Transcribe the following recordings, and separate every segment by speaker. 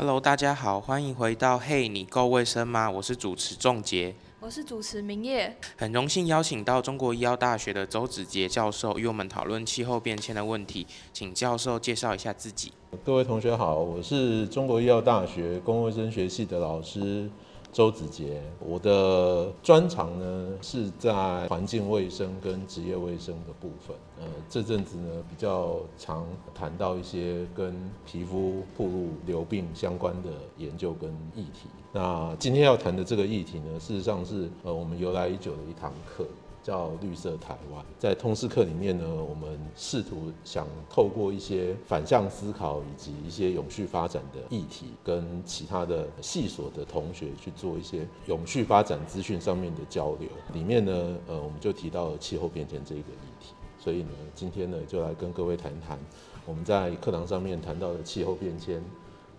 Speaker 1: Hello，大家好，歡迎回到《嘿，你夠衛生嗎？》我是主持仲杰，我是主持明燁，很榮幸邀請到中國醫藥大學的周子杰教授與我們討論氣候變遷的問題，請教授介紹一下自己。各位同學好，我是中國醫藥大學公共衛生學系的老師。周子傑，我的專長呢是在環境衛生跟職業衛生的部分。呃，這陣子呢比較常談到一些跟皮膚暴露、流病相關的研究跟議題。那今天要談的這個議題呢，事實上是呃我們由來已久的一堂課。叫綠色台灣，在通識課裡面呢，我們試圖想透過一些反向思考以及一些永續發展的議題，跟其他的系所的同學去做一些永續發展資訊上面的交流。裡面呢，呃，我們就提到了氣候變遷這一個議題，所以呢，今天呢，就來跟各位談談我們在課堂上面談到的氣候變遷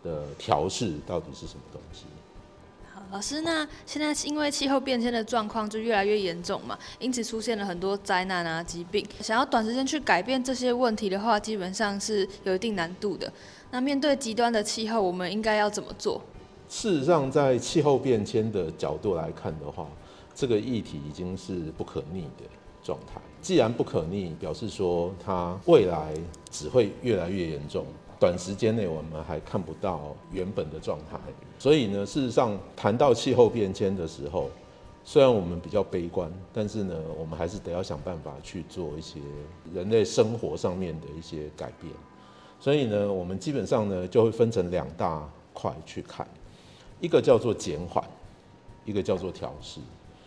Speaker 1: 的調適到底是什麼東西。老師，那現在是因為氣候變遷的狀況就越來越嚴重嘛，因此出現了很多災難啊、疾病。想要短時間去改變這些問題的話，基本上是有一定難度的。那面對極端的氣候，我們應該要怎麼做？事實上，在氣候變遷的角度來看的話，這個議題已經是不可逆的狀態。既然不可逆，表示說它未來只會越來越嚴重。短時間內我們還看不到原本的狀態，所以呢，事實上談到氣候變遷的時候，雖然我們比較悲觀，但是呢，我們還是得要想辦法去做一些人類生活上面的一些改變。所以呢，我們基本上呢就會分成兩大塊去看，一個叫做減緩，一個叫做調適。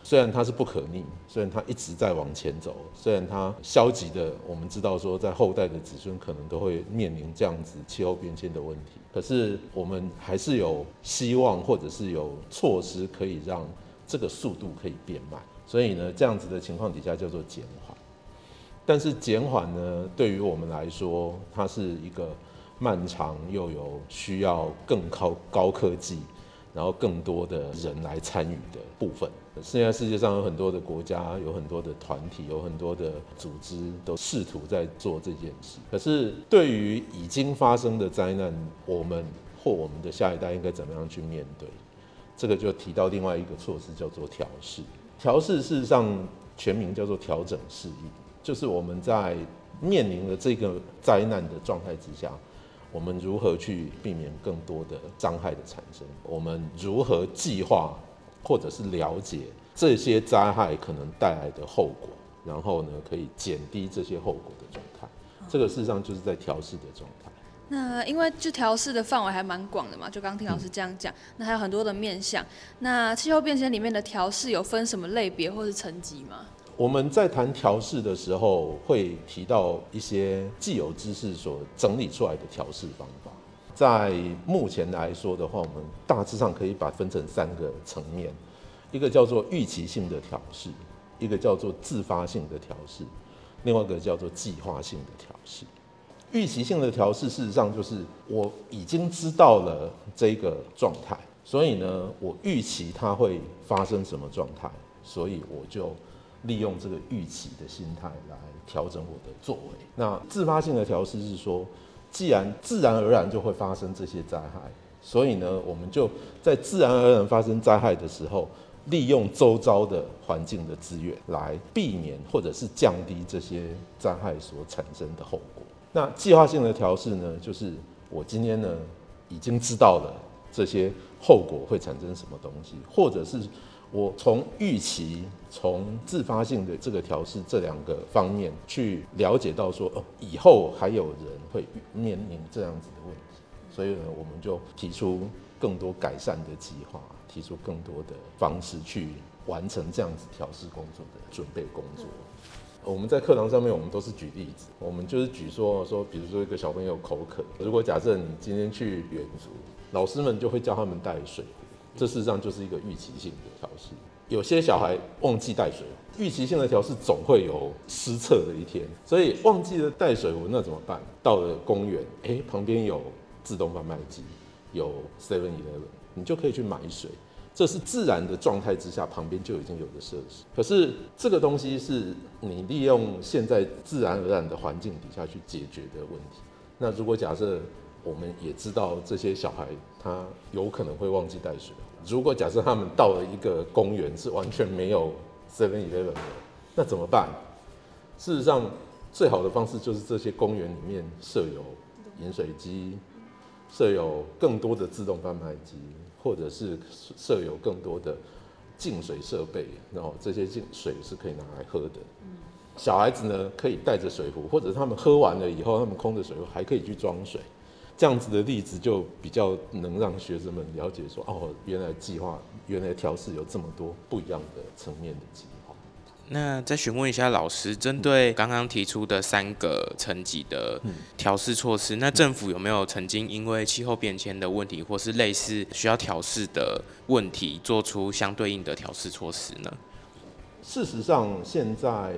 Speaker 1: 雖然它是不可逆，雖然它一直在往前走，雖然它消極的，我們知道說在後代的子孫可能都會面臨這樣子氣候變遷的問題，可是我們還是有希望或者是有措施可以讓這個速度可以變慢，所以呢，這樣子的情況底下叫做減緩。但是減緩呢，對於我們來說，它是一個漫長又有需要更高高科技。然後更多的人來參與的部分，現在世界上有很多的國家，有很多的團體，有很多的組織都試圖在做這件事。可是對於已經發生的災難，我們或我們的下一代應該怎麼樣去面對？這個就提到另外一個措施，叫做調適。調適事實上全名叫做調整適應，就是我們在面臨了這個災難的狀態之下。我們如何去避免更多的災害的產生？我們如何計劃或者是了解這些災害可能帶來的後果，然後呢，可以減低這些後果的狀態？這個事實上就是在調適的狀態。哦、那因為就調適的範圍還蠻廣的嘛，就剛聽老師這樣講，嗯、那還有很多的面向。那氣候變遷裡面的調適有分什麼類別或是層級嗎？我們在談調適的時候，會提到一些既有知識所整理出來的調適方法。在目前來說的話，我們大致上可以把分成三個層面：一個叫做預期性的調適，一個叫做自發性的調適，另外一個叫做計劃性的調適。預期性的調適，事實上就是我已經知道了這個狀態，所以呢，我預期它會發生什麼狀態，所以我就。利用這個預期的心態來調整我的作為。那自發性的調適是說，既然自然而然就會發生這些災害，所以呢，我們就在自然而然發生災害的時候，利用周遭的環境的資源來避免或者是降低這些災害所產生的後果。那計劃性的調適呢，就是我今天呢已經知道了這些後果會產生什麼東西，或者是。我從預期、從自發性的這個調適這兩個方面去了解到說，說哦，以後還有人會面臨這樣子的問題，所以呢，我們就提出更多改善的計劃，提出更多的方式去完成這樣子調適工作的準備工作。嗯、我們在課堂上面，我們都是舉例子，我們就是舉說說，比如說一個小朋友口渴，如果假設你今天去遠足，老師們就會叫他們帶水。這事實上就是一個預期性的調適。有些小孩忘記帶水，預期性的調適總會有失策的一天。所以忘記了帶水，我那怎麼辦？到了公園，哎，旁邊有自動販賣機，有 Seven Eleven，你就可以去買水。這是自然的狀態之下，旁邊就已經有的設施。可是這個東西是你利用現在自然而然的環境底下去解決的問題。那如果假設。我們也知道這些小孩他有可能會忘記帶水。如果假設他們到了一個公園是完全沒有7-11的，那怎麼辦？事實上，最好的方式就是這些公園裡面設有飲水機，設有更多的自動販賣機，或者是設有更多的淨水設備，然後這些淨水是可以拿來喝的。小孩子呢，可以帶着水壺，或者他們喝完了以後，他們空的水壺還可以去裝水。這樣子的例子就比較能讓學生們了解說，哦，原來計劃原來調適有這麼多不一樣的層面的計劃。那再詢問一下老師，針對剛剛提出的三個層級的調適措施，嗯、那政府有沒有曾經因為氣候變遷的問題，或是類似需要調適的問題，做出相對應的調適措施呢？事實上，現在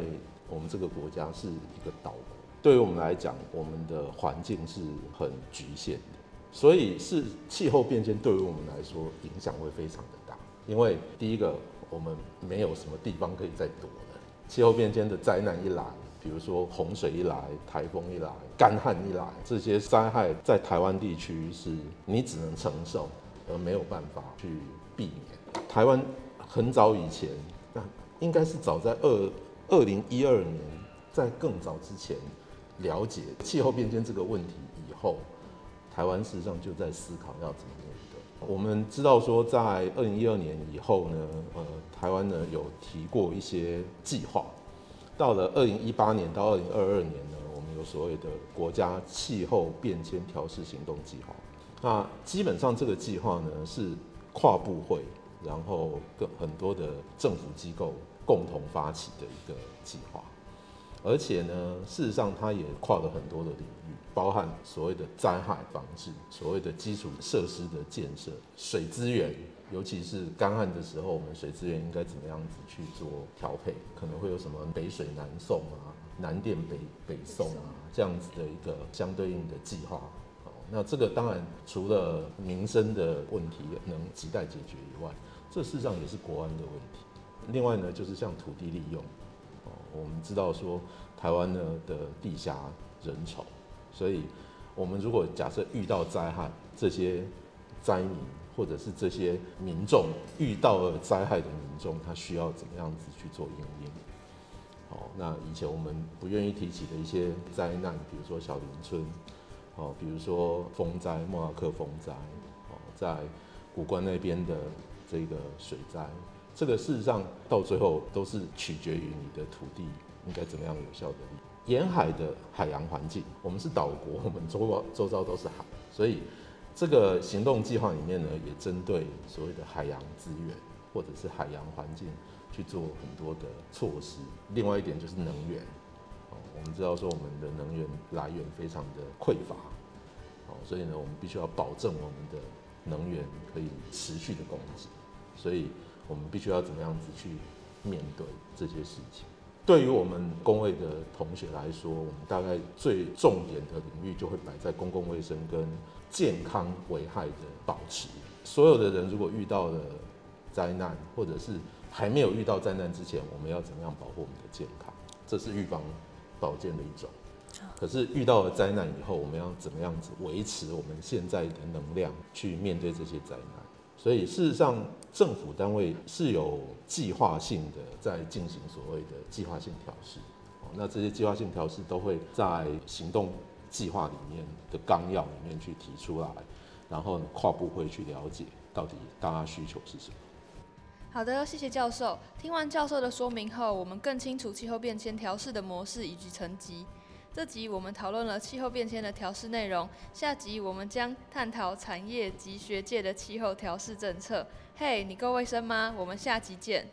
Speaker 1: 我們這個國家是一個島國。對於我們來講，我們的環境是很局限的，所以是氣候變遷對於我們來說影響會非常的大。因為第一個，我們沒有什麼地方可以再躲了。氣候變遷的災難一來，比如說洪水一來、台風一來、乾旱一來，這些災害在台灣地區是你只能承受而沒有辦法去避免。台灣很早以前，那應該是早在二二零一二年，在更早之前。了解氣候變遷這個問題以後，台灣事實上就在思考要怎麼面對。我們知道說，在二零一二年以後呢，呃，台灣呢有提過一些計劃。到了二零一八年到二零二二年呢，我們有所謂的國家氣候變遷調適行動計劃。那基本上這個計劃呢是跨部會，然後跟很多的政府機構共同發起的一個計劃。而且呢，事實上它也跨了很多的領域，包含所謂的災害防治、所謂的基礎設施的建設、水資源，尤其是乾旱的時候，我們水資源應該怎麼樣子去做調配？可能會有什麼北水南送啊、南電北北送啊這樣子的一個相對應的計劃。好，那這個當然除了民生的問題能亟待解決以外，這事實上也是國安的問題。另外呢，就是像土地利用。我們知道說台灣呢的地狹人稠，所以我們如果假設遇到災害，這些災民或者是這些民眾遇到了災害的民眾，他需要怎麼樣子去做應變？好、哦，那以前我們不願意提起的一些災難，比如說小林村，哦，比如說風災，莫拉克風災，哦，在古關那邊的這個水災。這個事實上，到最後都是取決於你的土地應該怎麼樣有效的利用。沿海的海洋環境，我們是島國，我們周周遭都是海，所以這個行動計劃裡面呢，也針對所謂的海洋資源或者是海洋環境去做很多的措施。另外一點就是能源，哦，我們知道說我們的能源來源非常的匱乏，哦，所以呢，我們必須要保證我們的能源可以持續的供給，所以。我們必須要怎麼樣子去面對這些事情？對於我們公衛的同學來說，我們大概最重點的領域就會擺在公共衛生跟健康危害的保持。所有的人如果遇到了災難，或者是還沒有遇到災難之前，我們要怎麼樣保護我們的健康？這是預防保健的一種。可是遇到了災難以後，我們要怎麼樣子維持我們現在的能量去面對這些災難？所以事實上。政府單位是有計劃性的在進行所謂的計劃性調適，那這些計劃性調適都會在行動計劃裡面的綱要裡面去提出來，然後跨部會去了解到底大家需求是什麼。好的，謝謝教授。聽完教授的說明後，我們更清楚氣候變遷調適的模式以及層級。這集我們討論了氣候變遷的調適內容，下集我們將探討產業及學界的氣候調適政策。嘿，hey, 你夠衛生嗎？我們下集見。